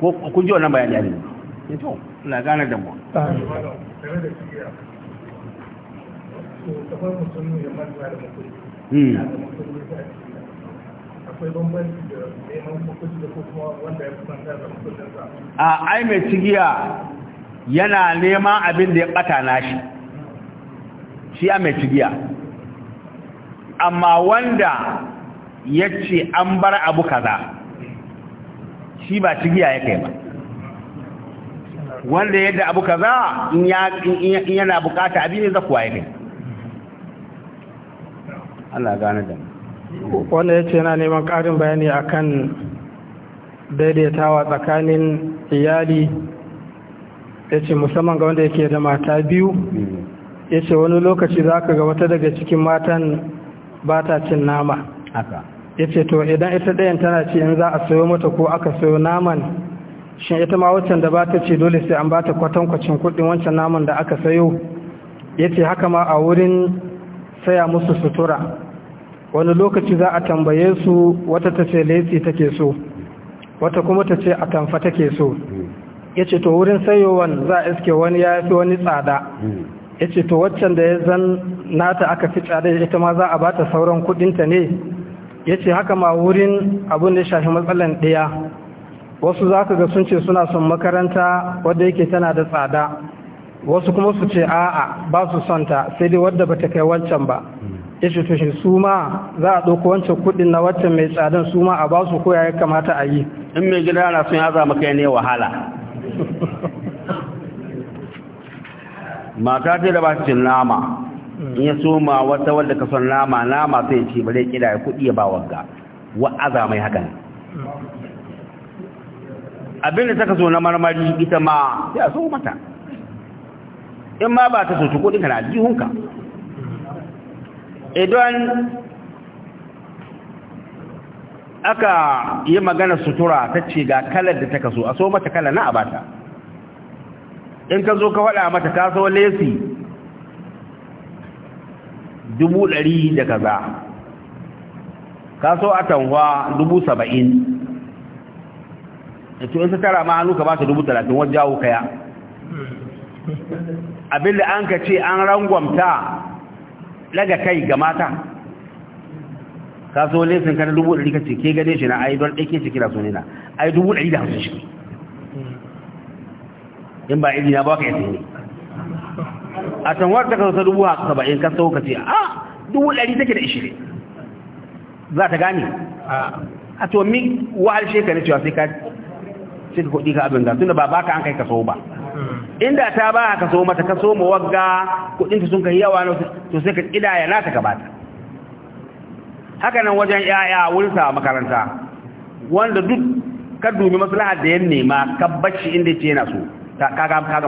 ko kun ji wannan bayani ne to ina gane da mu Hmm. a ai mai cigiya yana neman abin da ya bata nashi shi a mai cigiya amma wanda ya ce an bar abu kaza shi ba cigiya ya kai ba wanda yadda abu kaza in yana bukata abin da zakuwa ya kai Allah gane da ya ce yana neman ƙarin bayani akan daidaitawa tsakanin iyali ya ce musamman ga wanda yake da mata biyu ya ce wani lokaci za ka ga wata daga cikin matan ba ta cin nama ya ce to idan ita ɗayan tana ce in za a sayo mata ko aka sayo naman shin ita ma waccan da ba ta ce dole sai an ba ta kwatankwacin kuɗin wancan naman da aka sayo ya ce haka ma a wurin saya musu sutura wani lokaci za a tambaye su wata ta ce laifi take so wata kuma ta ce a tamfa take so ya ce to wurin sayowan za a iske wani ya fi wani tsada ya ce to waccan da ya zan nata aka fi tsada ita ma za a bata sauran kudinta ne ya ce haka ma wurin abin da shafi matsalan ɗaya wasu za ka ga sun ce suna son makaranta wadda yake tana da tsada wasu kuma su ce a'a ba su santa sai dai wadda ba ta kai wancan ba ya ce to shi su ma za a ɗauko wancan kuɗin na wancan mai tsadan su ma a ba su koya ya kamata a yi in mai gida na sun yaza maka ne wahala mata ce da ba su cin nama in ya soma wata wadda ka son nama nama sai ce ba zai kida ya kuɗi ya ba wagga wa'aza mai hakan abin da ta so na marmari ita ma ya so mata in ma ba ta so tuko kana na aljihunka idan aka yi magana sutura ta ce ga kalar da ta kaso a so mata kala na abata in ka zo ka faɗa mata kaso lesi dubu ɗari da kaza kaso tanwa dubu saba'in to in ta tara ma hannu ka ba ta dubu talatin wajen jawo kaya da an ka ce an rangwamta daga kai ga mata kaso lesin ka na dubu ɗari ka ce ke gane shi na ai don ɗake shi kira sune na ai dubu ɗari da hamsin shi in ba iri na ba ka yasi ne a tanwar ka sa dubu saba'in ka sau ka ce a dubu ɗari take da ishirin za ta gane a to mi wahal shekaru cewa sai ka cika kuɗi ka abin ga tunda ba baka an kai kaso ba inda ta ba ka so mata ka so mu wagga kudin sun kai yawa na to sai ka kidaya na ta gabata haka nan wajen yaya wurin sa makaranta wanda duk ka dubi maslahar da ya nema ka bacci inda ce yana so ka ga ka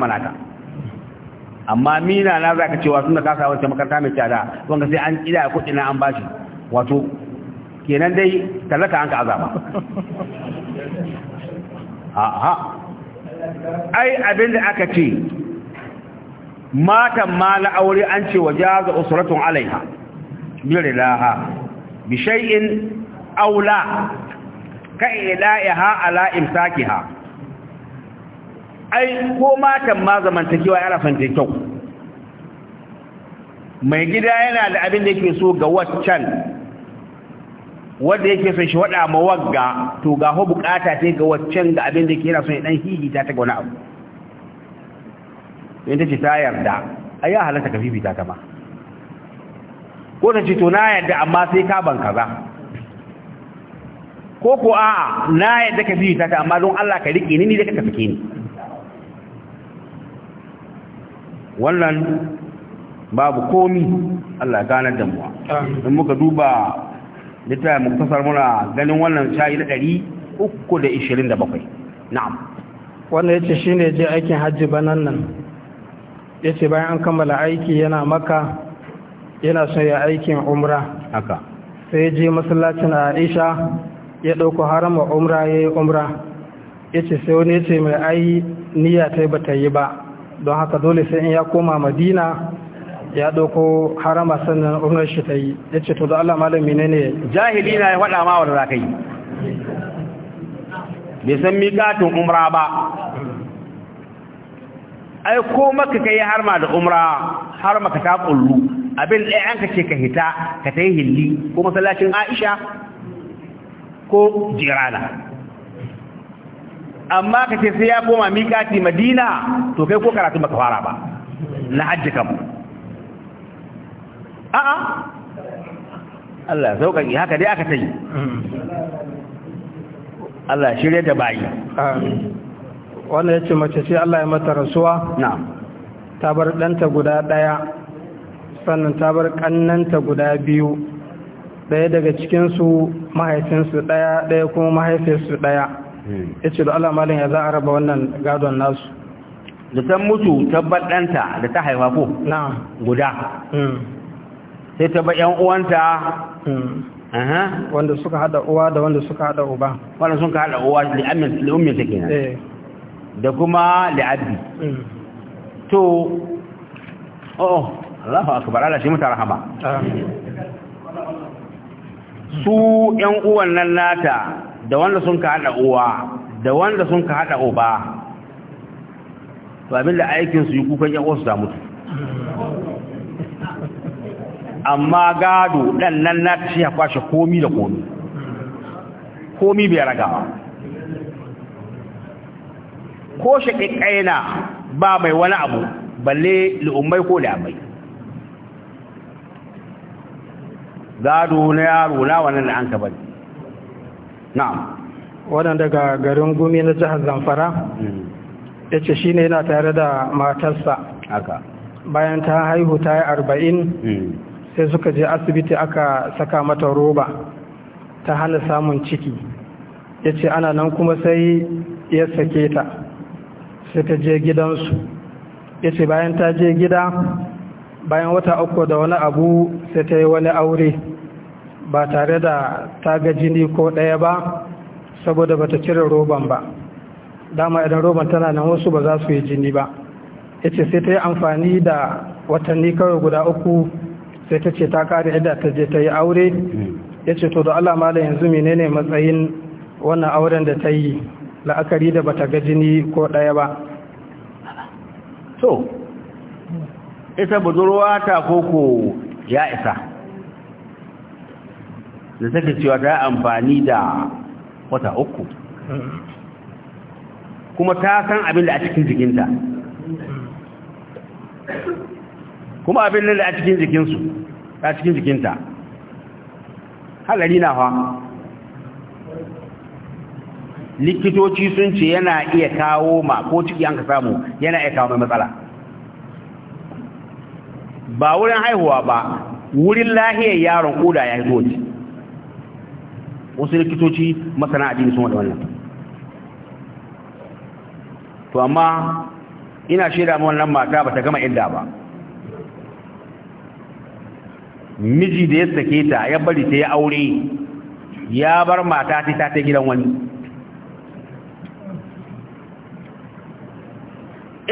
amma mina na zaka cewa tunda ka sa wancan makaranta mai tsada wanda sai an kidaya kudin an bashi wato kenan dai talaka an ka azaba a ai abin da aka ce matan ma na aure an ce waje ga usuratun alaiha birilaha shay'in aula ka ila'iha ala imsakiha ai ko matan ma zamantakewa yana fanta kyau mai gida yana da abin da yake so ga waccan wanda yake son shi wada ma wagga to ga ho bukata ta ga waccan ga abin da yake yana son dan hihita ta ga wani abu in ta ce ta yarda ai ya halatta ka fifita ta ma ko ta ce to na yarda amma sai ka ban kaza ko ko a, na yarda ka fifita ta amma don Allah ka rike ni ni da ka fike ni wannan babu komi Allah ya ganar da mu in muka duba littafin muktasar muna ganin wannan shayi na ɗari uku da ishirin da bakwai na'am wannan yace shine je aikin hajji banan nan yace bayan an kammala aiki yana maka yana son ya aikin umra haka sai je masallacin Aisha ya ɗauko harama umra ya yi umra yace sai wani yace mai ai niyya ba ta yi ba don haka dole sai in ya koma Madina ya ɗauko harama sannan umrar shi ta yi ya ce to da Allah malam menene jahili na ya faɗa ma wanda za ka yi bai san miƙatin umra ba ai ko maka kai harma da umra har maka ta kullu abin da an ce ka hita ka tayi hilli ko masallacin Aisha ko jirana amma ka ce sai ya koma miƙati Madina to kai ko karatu baka fara ba na hajji kam a'a Allah sauƙaƙi haka dai aka yi. Allah shirya da bayi wannan ce mace sai Allah ya mata rasuwa Na. ta bar ɗanta guda ɗaya sannan ta bar ƙannanta guda biyu ɗaya daga cikinsu mahaifinsu ɗaya ɗaya kuma mahaifinsu ɗaya hmm. ya ce da Allah malin ya za a raba wannan gadon nasu da ta mutu tabbat ɗanta da ta haifa ko guda hmm. sai ta ba ƴan uwanta hmm. wanda suka hada uwa da wanda suka hada uba wanda suka hada uwa li'ammin li'ummin take kenan, eh. da kuma li'abbi hmm. to oh, oh Allahu akbar Allah shi mutar rahama su ƴan uwan nan nata da wanda sun ka hada uwa da wanda sun ka hada uba to abin da aikin su yi kukan ƴan uwa su da mutu hmm. amma gado ɗan nan na ce ya kwashe komi da komi komi bai ragawa ko ke kaina ba mai wani abu balle lu'ummai ko li'ammai gado na yaro na wannan da an ka bari na'am wannan daga garin gumi na jihar zamfara hmm. ya ce shi ne yana tare da matarsa bayan ta haihu ta yi arba'in hmm. sai suka je asibiti aka saka mata roba ta hana samun ciki ya ce ana nan kuma sai ya sake ta sai ta je gidansu ya ce bayan ta je gida bayan wata uku da wani abu sai ta yi wani aure ba tare da ta ga jini ko ɗaya ba saboda ba ta cire roban ba dama idan roban tana nan wasu ba za su yi jini ba ya ce sai ta yi amfani da watanni kawai guda uku sai ta ce ta kare idda ta je ta yi aure ya ce to da Allah mala yanzu ne matsayin wannan auren da ta yi la'akari da bata ga jini ko ɗaya ba to ita budurwa ta koko ya isa da take cewa ta amfani da wata uku kuma ta san abin da a cikin jikinta kuma abin lalle a cikin jikinsu a cikin jikinta halari na fa likitoci sun ce yana iya kawo ma ko ciki an ka samu yana iya kawo mai matsala ba wurin haihuwa ba wurin lahiyar yaron koda ya hito ne. wasu likitoci masana jini sun wada wannan to amma ina shaida ma wannan mata ba ta gama idda ba miji da ya sake ta ya bari ta ya aure ya bar mata ta ta gidan wani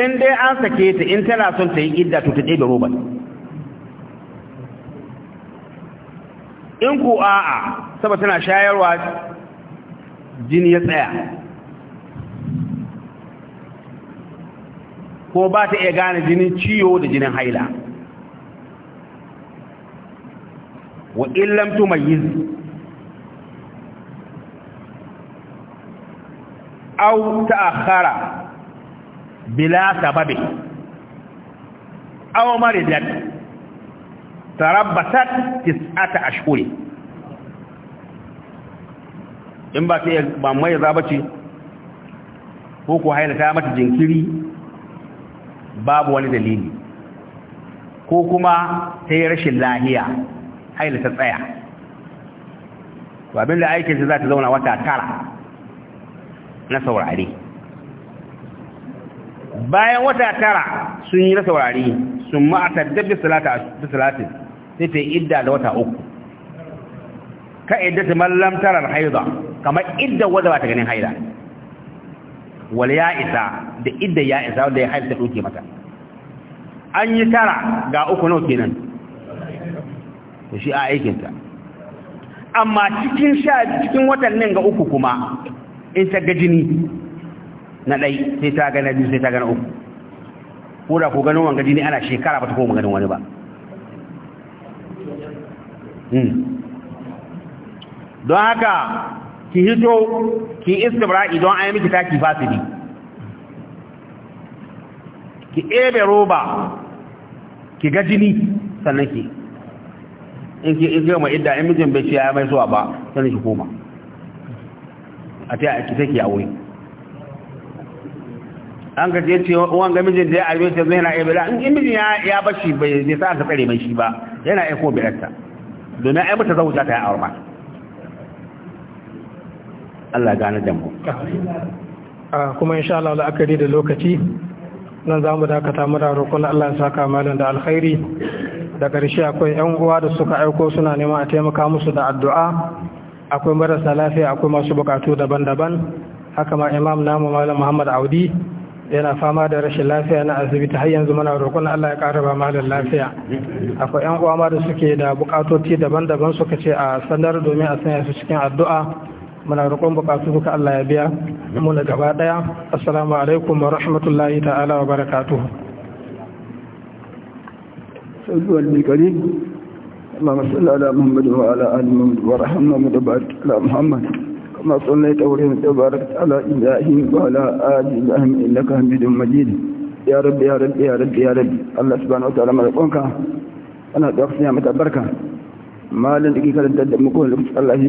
in dai an sake ta in tana son ta yi idda to ta ɗebe robar. in ku a'a saboda tana shayarwa jini ya tsaya ko ba ta iya gane jinin ciwo da jinin haila wa illam tumayyiz aw ta'akhara bila sababi aw maridat tarabbatat tis'ata ashhuri in ba sai ba mai zaba ce ko ko haila ta mata jinkiri babu wani dalili ko kuma sai rashin lahiya haila ta tsaya to abinda aikin shi za ta zauna wata tara na saurari? bayan wata tara sun yi na saurari, sun ma'atar dabbi salatin sai ta yi idda da wata uku ka idda ta mallam tarar haida kamar idda wadda ba ta ganin haida wal ya isa da idda ya isa wadda ya haida ta ɗauke mata an yi tara ga uku nau kenan to shi a aikinta amma cikin sha cikin watannin ga uku kuma in ta ga jini na ɗai sai ta gana biyu sai ta gana uku ko da ko ganin wanga jini ana shekara ba ta koma ganin wani ba hmm. don haka ki hito ki istibra'i don an yi miki taki fasidi ki ebe roba ki ga jini sannan ki in ki in gama idda in mijin bai ce ya mai zuwa ba sai ki koma a ta ki take ya wuri an ga ce ce uwan ga mijin da ya arbe sai yana iya bila in mijin ya ya bashi bai ne sa ka tsare mai shi ba yana iya ko bilarta domin ai mata zauta ta ya aurma Allah gane da mu kuma insha Allah la'akari da lokaci nan za mu dakata mura roƙon Allah ya saka malam da alkhairi da ƙarshe akwai 'yan uwa da suka aiko suna neman a taimaka musu da addu'a akwai marasa lafiya akwai masu bukatu daban-daban haka ma imam namu malam muhammad audi yana fama da rashin lafiya na asibiti har yanzu muna roƙon Allah ya ƙara ba malam lafiya akwai ƴan uwa ma da suke da buƙatoci daban-daban suka ce a sanar domin a sanya su cikin addu'a muna roƙon buƙatu suka Allah ya biya mu na gaba ɗaya assalamu alaikum wa rahmatullahi ta'ala wa barakatuhu سيد الكريم اللهم صل على محمد وعلى آل محمد وارحم محمد وبارك على محمد كما صليت ورحمت وباركت على ابراهيم وعلى ال ابراهيم انك حميد مجيد يا رب يا رب يا رب يا رب الله سبحانه وتعالى ملكونك انا دوقتني متبركه malin da ke karanta da لك الله